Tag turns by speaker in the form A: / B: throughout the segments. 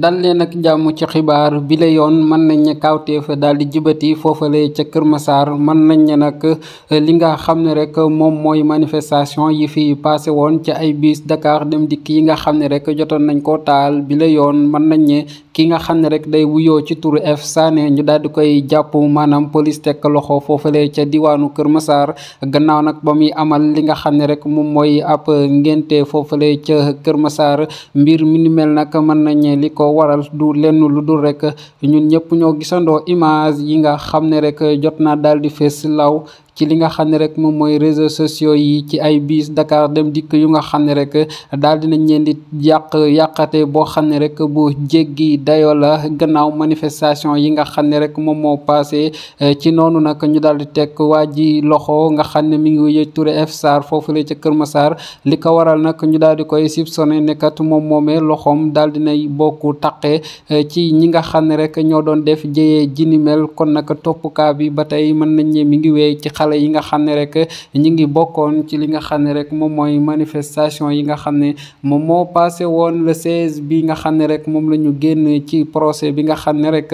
A: dal leen ak jàmm ci xibaar bi la yoon mën nañ ne kawteef daal di jibati foofale ca Kër Massar mën nañ ne nag li nga xam ne rek moom mooy manifestation yi fi passé woon ci ay biis Dakar dem dikk yi nga xam ne rek jotoon nañ ko taal bi la yoon mën nañ ne ki nga xam ne rek day wuyoo ci turu F Sané ñu daal di koy jàpp maanaam police teg loxo foofale ca diwaanu Kër masaar gannaaw nag ba muy amal li nga xam ne rek moom mooy ab ngénte foofale ca Kër masaar mbir mi ni mel nag mën nañ li ko waral du lenn lu dul rek ñun ñëpp ñoo gisandoo image yi nga xam ne rek jot naa daal di fees law ci li nga xam ne rek moom mooy réseaux sociaux yi ci ay biis Dakar dem dikk yu nga xam ne rek daal dinañ leen di yàq yàqate boo xam ne rek bu jéggi dayoo la gannaaw manifestation yi nga xam ne rek moom moo passé eh, ci noonu nag ñu daal di teg waa ji loxo nga xam ne mi ngi wuyee Touré F foofu la ca Kër Massar li ko waral nag ñu daal di koy soupçonné nekkat moom moomee loxoom daal nay bokk taqe eh, ci ñi nga xam ne rek ñoo doon def jëyee jinimel kon nag toppukaa bi ba tey mën nañ mi ngi wéy ci xal xale yi nga xam ne rek ñi ngi bokkoon ci li nga xam ne rek moom mooy manifestation yi nga xam ne moom moo passé woon le 16 bi nga xam ne rek moom la ñu génn ci procès bi nga xam ne rek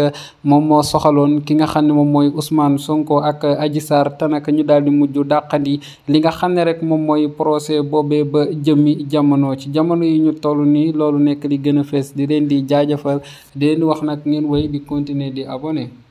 A: moom moo soxaloon ki nga xam ne moom mooy Ousmane Sonko ak aji Sarr te nag ñu daal di mujj dàqandi li nga xam ne rek moom mooy procès boobee ba jëmmi jamono ci jamono yi ñu toll nii loolu nekk li gën a fees di leen di jaajëfal di leen di wax nag ngeen wéy di continuer di abonné